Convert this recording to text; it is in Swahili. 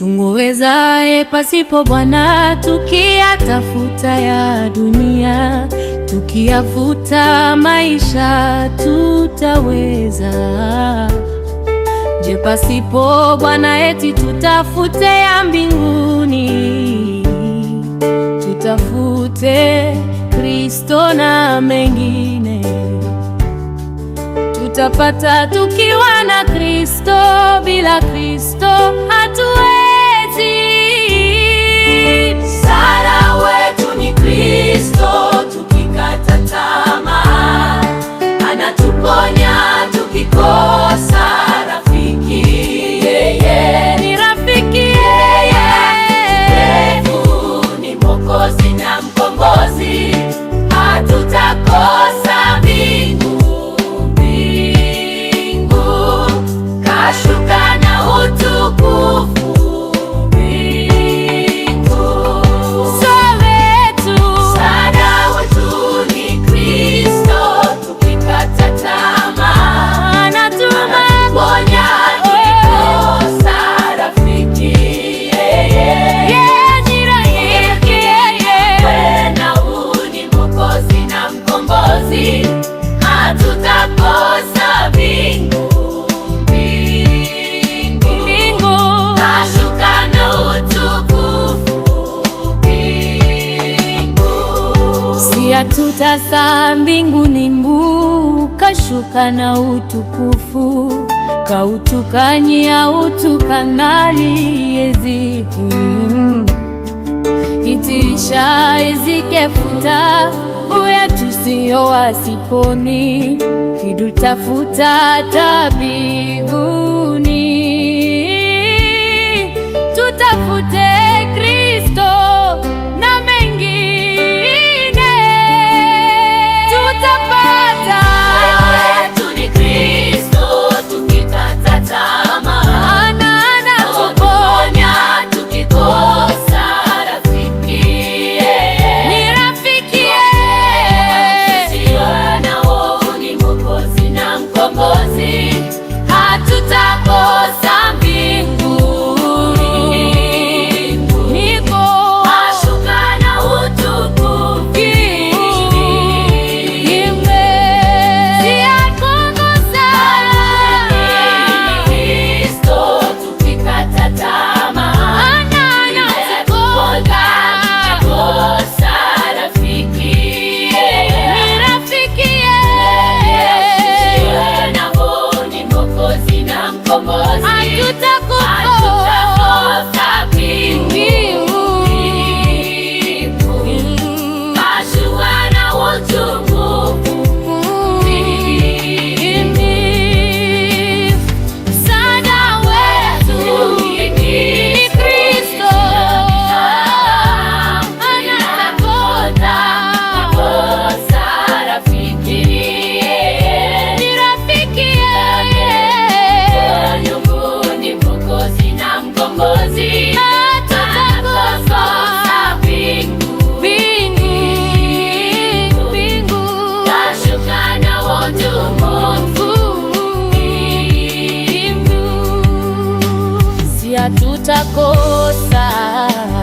Tung'owezaye pasipo Bwana, tukiyatafuta ya dunia, tukiyafuta maisha tutaweza? Je, pasipo Bwana eti tutafute ya mbinguni? Tutafute Kristo na mengine tutapata tukiwa na Kristo, bila Kristo Tutasa mbinguni mbuu, kashuka na utukufu, kautukanyia utukanali yezi mm. Itisha kefuta uya tusio wasiponi, kidutafuta tabiguni tutafute pia